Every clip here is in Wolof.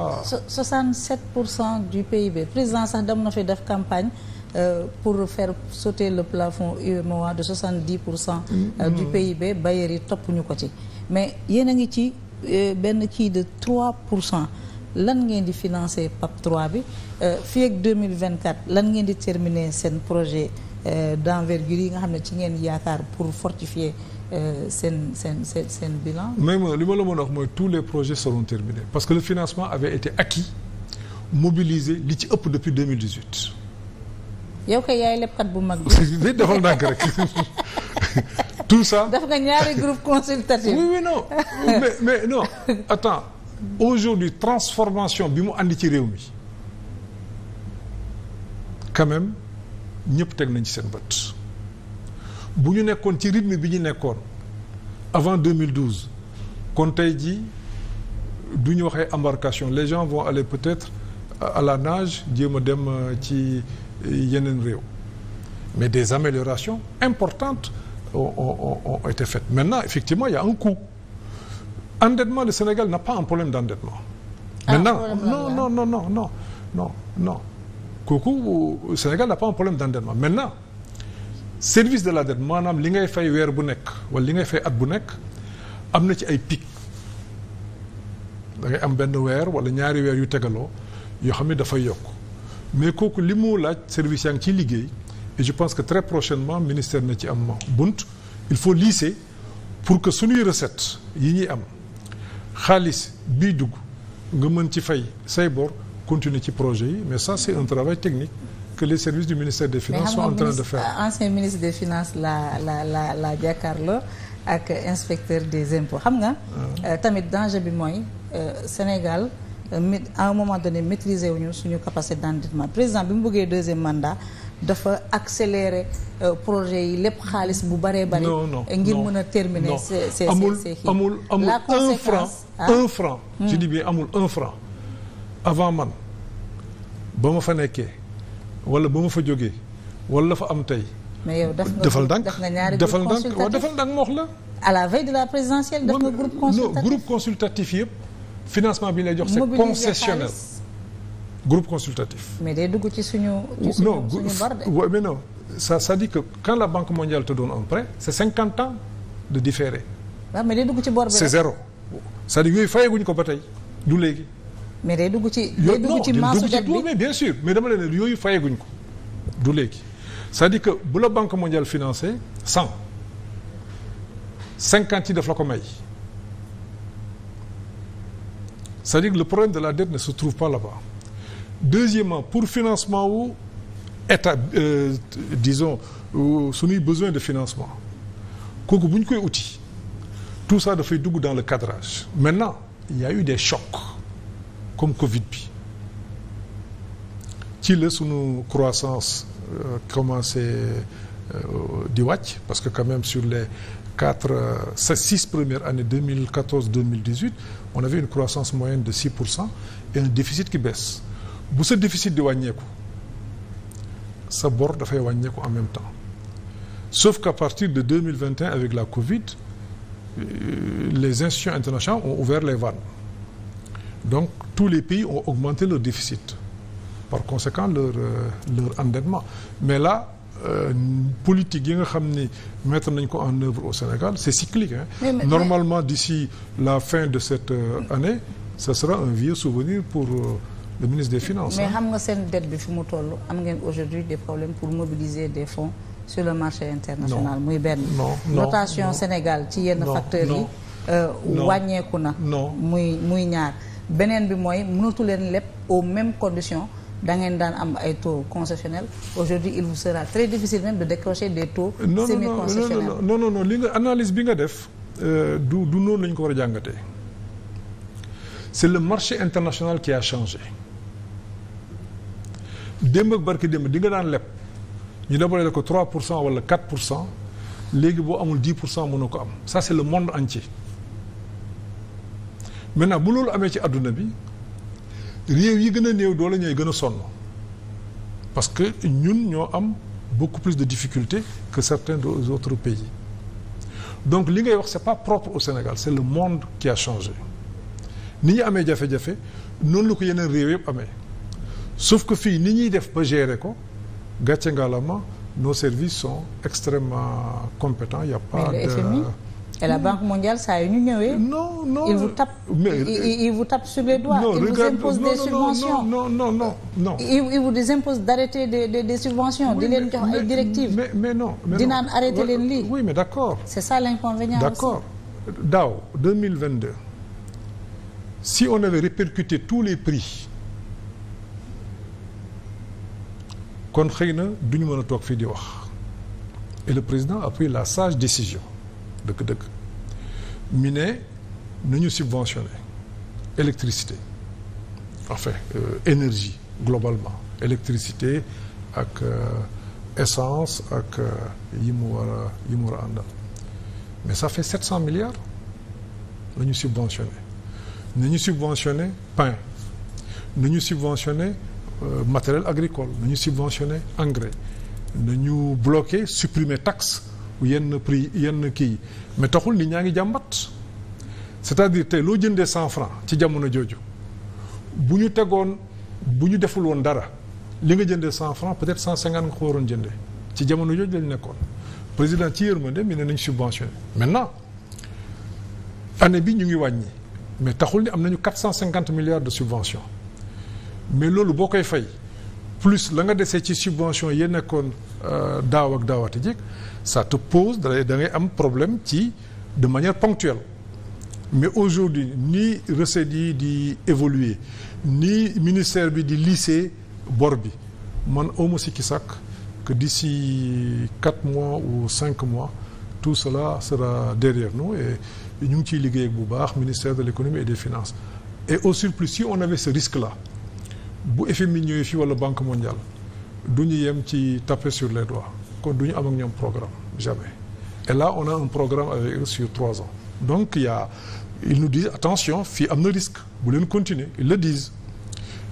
waaw 67 pour cent du PIB président sax dem na fi def campagne euh, pour faire sauter le plafon UEMOA de 70 pour cent. Euh, mm-hmm. du PIB bailleurs yi topp ñu ko ci. mais yéen a ngi ci euh, benn kii de trois pour cent lan ngeen di financer PAP 3 bi euh, fii ak 2024 lan ngeen di terminer seen projet d'envergure yi nga xam ne ci ngeen yaakaar pour fortifier. Euh, seen seen seen seen mais même li ma la mën wax mooy tous les projets seront terminés parce que le financement avait été acquis mobilisé li ci ëpp depuis 2018. yow kay yaay lebkat bu mag bi. defal ndànk rek tout ça. daf nga ñaari groupe consultatif. oui oui non mais mais non attends aujourd'hui transformation bi mu àndi ci réew mi quand même ñëpp teg nañ ci seen bët. bu ñu nekkoon ci rythme bi ñu nekkoon avant 2012 kon tey jii du ñu wax ay les gens vont aller peut-être à la nage jéem a dem euh, ci euh, yeneen réew mais des améliorations importantes ont, été faites maintenant effectivement il y a un coût endettement le Sénégal n'a pas un problème d'endettement ah, maintenant ah, non non non non euh, Sénégal n'a pas un problème d'endettement maintenant service de la dette maanaam li ngay fay weer bu nekk wala li ngay fay at bu nekk am na ci ay pic da ngay am benn weer wala ñaari weer yu tegaloo yoo xam ne dafay yokk mais kooku li mu laaj service yaa ngi ciy liggéey et je pense que très prochainement ministère na ci am bunt il faut lisser pour que suñuy recette yi ñuy am xaalis bii dugg nga mën ci fay say bor continuer ci projet yi mais ça un travail technique que les services du ministère des Finances sont en train de faire. Ah, ancien ministre des Finances la la la la jàkkaarloo ak inspecteur des impôts xam nga. Ah. Euh, tamit danger bi mooy euh, Sénégal euh, mi à un moment donné maîtriser wuñu suñu capacité d'endettement président bi mu bëggee deuxième mandat dafa accélérer projet yi lépp xaalis bu baree bari. ngir mën a terminer. amul amul un franc ah. un franc. je hmm. dis bien amul un franc avant man ba ma fa nekkee. wala ba ma fa jógee wala la fa am tey. mais yow def nga defal ndànk defal ndànk waaw defal ndànk moo la. à la veille de la présidentielle. def nga groupe consultatif non groupe consultatif yëpp. financement bi lay jox c'est concessionnel. groupe consultatif. mais day dugg ci suñu. ci suñu suñu bor de non mais non ça ça dit que la banque mondiale te donne un prêt c'est cinquante ans de différé. waaw mais day dugg ci bor bi c'est zéro. c'est-à-dire yooyu fayaguñ ko ba tey du léegi. mais day dugg ci day dugg ci maasu jag bi mais bien sûr mais dama leen ne yooyu fayeguñ ko du léegi c'est-à-dire que bu la banque mondiale financé cent cinquante yi daf la ko may cest dire que le problème de la dette ne se trouve pas là deuxièmement pour financement wu état dison euh, disons suñuy besoin de financement kooku bu ñu koy outil tout ça dafay dugg dans le cadrage maintenant il eu des chocs comme Covid bi ci la sunu croissance euh, commencé euh, di wàcc parce que quand même sur les quatre ces euh, six premières années 2014 2018 on avait une croissance moyenne de 6 pour cent et un déficit qui baisse bu sa déficit di wàññeeku sa bor dafay wàññeeku en même temps sauf qu'à partir de 2021 avec la Covid euh, les institutions internationales ont ouvert les vannes Donc tous les pays ont augmenté leur déficit, par conséquent leur euh, leur endettement mais là euh, politique yi nga xam ni mettre nañ ko en œuvre au Sénégal c'est cyclique hein. Mais, mais, normalement d'ici la fin de cette euh, année ce sera un vieux souvenir pour euh, le ministre des Finances. mais xam nga seen dette bi fi mu toll am ngeen aujourd'hui des problèmes pour mobiliser des fonds sur le marché international. muy benn notation Sénégal ci yenn facteurs yi. Euh, wàññeeku na. muy muy ñaar. beneen bi mooy mënatu leen lépp au même condition da ngeen daan am ay taux concessionnels aujourd'hui il vous sera très difficile même de décrocher des taux semi-concessionnels non non non non li nga analyse bi nga def euh, du du noonu lañ ko war a jàngatee c'est le marché international qui a changé démb ak barki démb di nga daan leb ñu dabale ko 3 pour cent wala 4 pour cent léegi boo amul 10 pour cent mënoo ko am ça c'est le monde entier maintenant bu loolu amee ci àdduna bi réew yi gën a néew doole ñooy gën a sonn parce que ñun ñoo am beaucoup plus de difficultés que certains autres pays donc li ngay wax c'est pas propre au Sénégal c'est le monde qui a changé ni ñu amee jafe-jafe noonu la ko yeneen réew yëpp amee sauf que fii ni ñuy def ba gérer ko gàcce ngaalama nos services sont extrêmement compétents il pas de et la Banque mondiale saa yu ñu ñëwee. non non il vous tape mais il, il vous tape sur les doigts. il vous impose des subventions il, vous des d'arrêter des subventions. di mais mais non mais di naan arrêté leen lii. oui mais d'accord. c'est ça l'inconvénient aussi. d'accord daaw si on avait répercuté tous les prix kon xëy na duñu mën a toog fii di wax et le président a pris la sage décision. dëkk dëkk ñu ne nañu subventionné électricité enfin euh, énergie globalement électricité ak euh, essence ak euh, yi mu war a yi mu war àndal mais ça fait sept cent milliards la ñu subventionné nañu subventionné pain nañu subventionné euh, matériel agricole nañu subventionné engrais nañu bloqué supprimer tax yenn prix yenn kii mais taxul ni ñaa ngi jàmbat c'est-à-dire tey loo jëndee cent francs ci jamono jooju bu ñu tegoon bu ñu deful woon dara li nga jëndee cent francs peut-être cent cinquante nga ko waroon ci jamono jooju lañu nekkoon président ci yërmande mi ne nañu subventionné maintenant année bi ñu ngi wàññi mais taxul ni am nañu quatre cent cinquante milliards de subvention mais loolu boo koy fay plus la nga desee ci subvention yi nekkoon euh, daaw ak daawati jik ça te pose da ngay am problème ci de manière ponctuelle mais aujourd'hui ni recettes yi di évoluer ni ministère bi di lisser bor bi man awma sikki sàkk di d'ici quatre mois ou cinq mois tout cela sera derrière nous et ñu ngi ciy liggéey ak bu baax ministère de l'économie et des finance et au surplus si on avait ce risque là bu FMI ñëwee fii wala banque mondiale du ñu yem ci taper sur les doigts kon du ñu am ak ñoom programme jamais et la on a un programme avec eux sur trois ans donc y a ils nous attention fii am na risque bu leen continuer ils le disent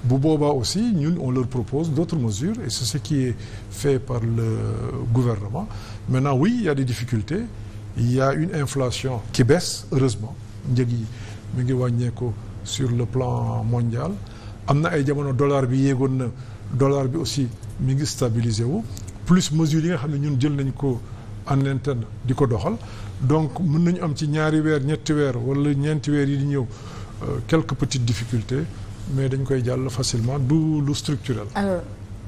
bu boobaa aussi ñu on leur propose d'autres mesures et c'est ce qui est fait par le gouvernement maintenant oui il y a des difficultés il une inflation qui baisse heureusement njëg yi mu ngi wàññeeku sur le plan mondial am na ay jamono dollar bi yéegoon na dollar bi aussi mi ngi stabilisé wu plus mesures yi nga xam ne ñun jël nañ ko en interne di ko doxal donc mun nañu am ci ñaari weer ñetti weer wala ñeenti weer yi di ñëw euh, quelques petites difficultés mais dañ koy jàll facilement du lu structurel. alors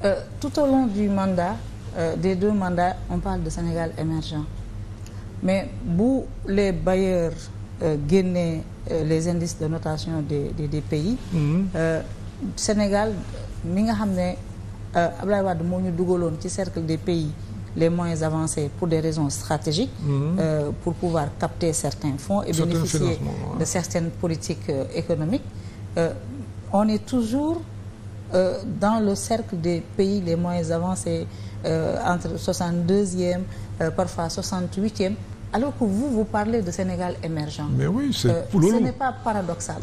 euh, tout au long du mandat euh, des deux mandats on parle de Sénégal émergent mais bu les bailleurs euh, génnee les indices de notation des des, mm-hmm. Sénégal mi nga xam ne euh, Ablaye Wade moo ñu dugaloon ci cercle des pays les moyens avancés pour des raisons stratégiques mhm. euh, pour pouvoir capter certains fonds et certains bénéficier ouais. de certaines politiques euh, économiques euh, on est toujours euh, dans le cercle des pays les moyens avancés entre 62e parfois 68e alors que vous vous parlez de Sénégal émergent mais oui c'est loolu ce n'est pas paradoxal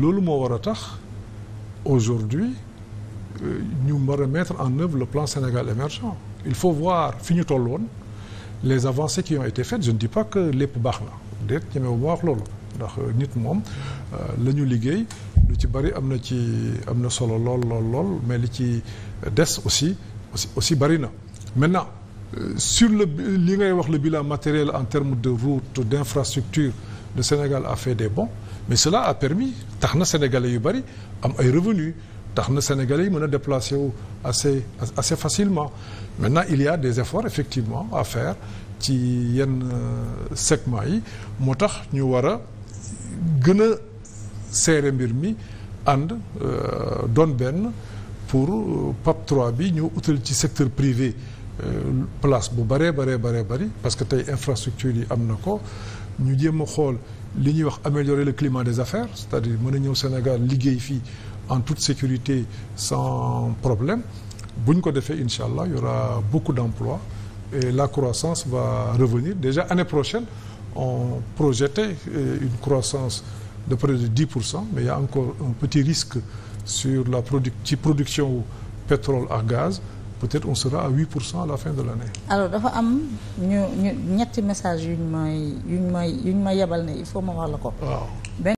loolu moo war a aujourd'hui euh, ñu war a mettre en œuvre le plan Sénégal émergent il faut voir fi ñu toll woon les avancées qui ont été faites je ne dis pas que lépp baax na déet ñemewu ma wax loolu ndax euh, nit moom euh, la ñu liggéey lu ci bari am na ci am na solo lool lool lool mais li ci des aussi aussi aussi bari na maintenant sur le li ngay wax le bilan matériel en termes de route d'infrastructure le Sénégal a fait des bons mais cela a permis tax na sénégalais yu bëri am ay revenus tax na sénégalais yi mën a déplacé wu assez assez facilement maintenant il y des efforts effectivement affaire ci yenn euh, segments yi moo tax ñu war a gën a serré mbir mi ànd euh, doon benn pour euh, PAP 3 bi ñu utal ci secteur privé place bu bëree baree baree bëri parce que tey infrastructure yi am na ko ñu jéem a xool li ñuy wax améliorer le climat des affaires c'est-à-dire mën a ñëw Sénégal liggéey fii en toute sécurité sans problème bu ñu ko defee incha allah y aura beaucoup d'emplois et la croissance va revenir déjà année prochaine on projetait euh, une croissance de près de pour cent mais il y a encore un petit risque sur la produc ci production pétrole à gaz peut-être on sera à 8 pour cent à la fin de l'année alors dafa am ñu ñu ñetti message yuñ may yuñ may yuñ yebal ne il faut ma wax la ko